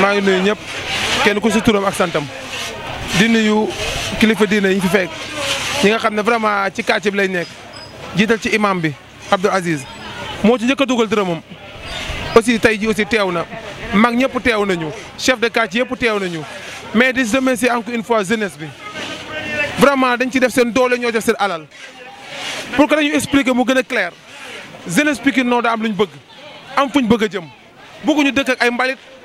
maa ngi nuyu ñëpp kenn ku si turam ak santam di nuyu kilifa diine yi fi fekk ñi nga xam ne vraiment ci quartier bi lay nekk jiital ci imam bi Abdou Aziz moo ci njëkk a dugal dërëmam aussi tey ji aussi teew na mag ñëpp teew nañu chef de quartier yëpp teew nañu mais di remercier encore une fois jeunesse bi vraiment dañ ci def seen doole ñoo def seen alal pour que dañu expliquer mu gën a clair jeunesse Pikine noo daa am lu ñu bëgg am fuñ bëgg a jëm bëgguñu dëkk ay mbalit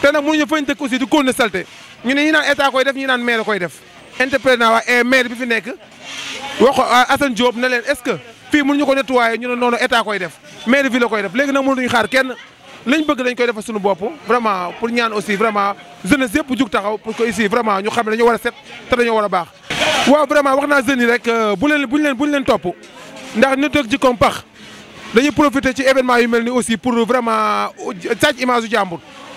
te nag mënuñu fañ dëkk aussi di continuer salté ñu ne ñi naan état koy def ñi naan maire koy def interprétant waa eh, maire bi fi nekk wax ko ah, Assane Diop ne leen est-ce que fii mënuñu ko waaye ñu ne noonu état koy def maire bi la koy def léegi nag mënuñu xaar kenn lañ bëgg dañ koy defal suñu bopp vraiment pour ñaan aussi vraiment jeunesse yëpp jug taxaw pour que ici vraiment ñu xam ne dañoo war a set te dañoo war a baax waaw vraiment wax naa jeunes yi rek euh, bu leen buñ leen buñ leen topp ndax nit ak jikkoom dañuy profiter ci événement yu mel ni aussi pour vraiment euh, sàcc image yu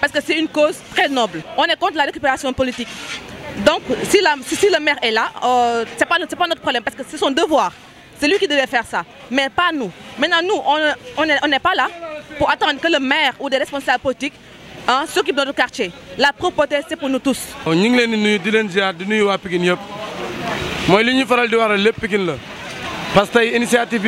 parce que c'est une cause très noble. On est contre la récupération politique. Donc, si, le maire est là, euh, ce n'est pas, notre problème, parce que c'est son devoir. C'est lui qui devait faire ça, mais pas nous. Maintenant, nous, on n'est pas là pour attendre que le maire ou des responsables politiques hein, s'occupent de notre quartier. La propreté, c'est pour nous tous. Oh, nous sommes parce que l'initiative,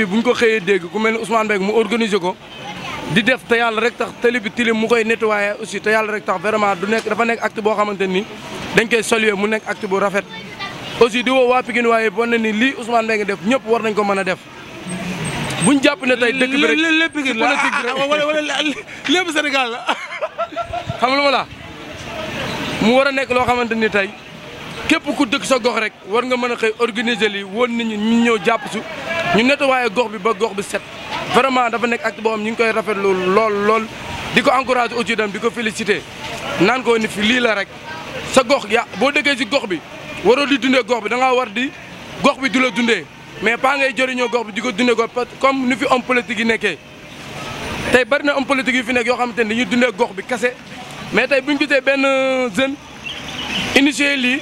di def te yalla rek tax tali bi tilim mu koy nettoyer aussi te yalla rek tax vraiment du nek dafa nek acte bo xamanteni dañ koy saluer mu nek acte bu rafet aussi di wo wa pigine waye bon ni li Ousmane Mbengue def ñep war nañ ko mëna def buñ japp ne tay dëkk bi rek lépp Pikine la wala wala lepp Sénégal xam lu wala mu wara nek lo xamanteni tay képp ku dëkk sa gox rek war nga mëna xey organiser li won nit ñi ñew japp su ñu nettoyer gox bi ba gox bi set vraiment dafa nekk acte boo xam ñu ngi koy rafetlu lool lool di ko encouragé aussi itam di ko félicité naan koo ni fi lii la rek sa gox ya boo dëkkee si gox bi waroo di dundee gox bi da ngaa war di gox bi du la dundee mais pas ngay jëriñoo gox bi di ko dundee ko comme ni fi homme politique yi nekkee tey bari na homme politique yi fi nekk yoo xamante ni dañuy dundee gox bi kese mais tey bu ñu gisee benn jeune initié lii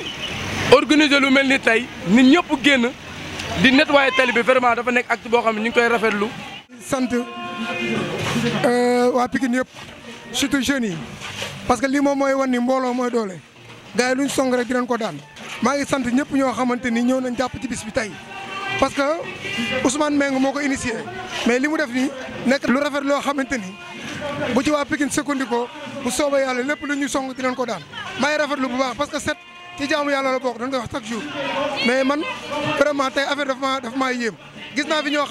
organiser lu mel ni tey nit ñëpp génn di nettoyer tali bi vraiment dafa nekk acte boo xam ne ñu ngi koy rafetlu sant euh, waa Pikine yëpp surtout jeunes yi parce que lii moom mooy wan ni mbooloo mooy doole gars yi luñ song rek dinañ ko daan maa ngi sant ñëpp ñoo xamante ni ñëw nañ jàpp ci bis bi tey parce que Ousmane Meng moo ko initié mais li mu def nii nekk lu rafet loo xamante ni bu ci waa Pikine sëkkandikoo bu soobee yàlla lépp lu ñu song dinañ ko daan maa ngi rafetlu bu baax parce que set ci jaamu yàlla la bokk dañ koy wax chaque jour mais man vraiment tey affaire dafa maa dafa gis fi ñoo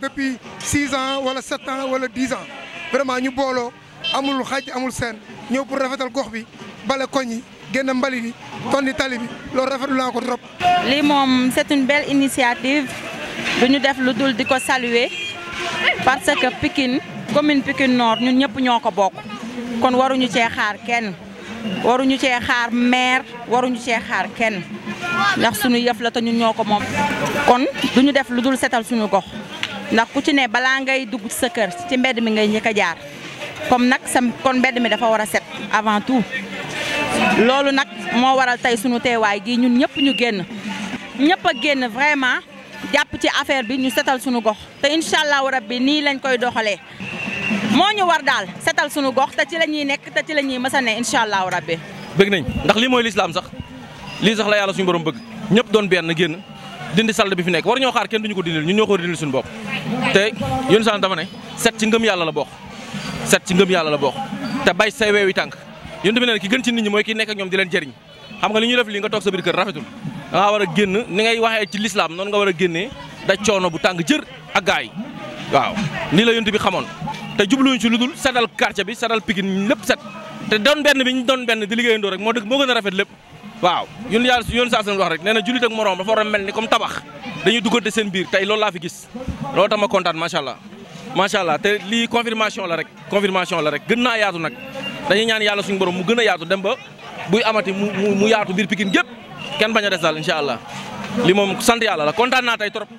depuis 6 ans 7 ans wala 10 ans vraiment ñu booloo amul xaj amul seen ñëw pour rafetal gox bi bale koñ yi génn mbali bi tonni tali bi loolu rafetlu naa ko trop. lii moom c'est une belle initiative du ñu def lu dul saluer parce que Pikine commune Pikine Nord ñun ñëpp xaar kenn. waruñu cee xaar maire waruñu cee xaar kenn ndax suñu yëf la te ñun ñoo ko moom kon duñu def lu dul setal suñu gox ndax ku ci ne balaa ngay dugg sa kër ci mbedd mi ngay njëkk a jaar comme nag sa kon mbedd mi dafa war a set avant tout loolu nag moo waral tey suñu teewaay gi ñun ñëpp ñu génn ñëpp a génn vraiment jàpp ci affaire bi ñu setal suñu gox te incha allahu rabbi nii lañ koy doxalee moo ñu war daal setal suñu gox te ci la ñuy nekk te ci la ñuy mës a ne incha allahu rabbi. bëgg nañ ndax lii mooy lislaam sax lii sax la yàlla suñu borom bëgg ñëpp doon benn génn dindi salte bi fi nekk war ñoo xaar kenn duñu ko dindil ñun ñoo ko dindil suñu bopp. te yéen sax dama ne set ci ngëm yàlla la bokk set ci ngëm yàlla la bokk te bay say weewi tànk yéen tamit ne ki gën ci nit ñi mooy ki nekk ak ñoom di leen jariñ xam nga li ñu def lii nga toog sa biir kër rafetul da ngaa a génn ni ngay waxee ci lislaam noonu nga war a génnee da coono bu tàng jër ak gaay waaw nii la yonent bi xamoon te jubluwuñ ci lu dul setal quartier bi setal Pikine lépp set te doon benn bi ñu doon benn di liggéeyandoo rek moo dëgg moo gën a rafet lépp waaw yun yàlla yoon saa wax rek nee na jullit ak moroom dafa war a mel ni comme tabax dañuy duggante seen biir tey loolu laa fi gis loolu tax ma kontaan macha allah macha allah te lii confirmation la rek confirmation la rek gën naa yaatu nag dañuy ñaan yàlla suñu borom mu gën a yaatu dem ba buy amati mu yaatu biir Pikine gépp kenn bañ a des daal incha allah li moom sant yàlla la kontaan naa tey trop.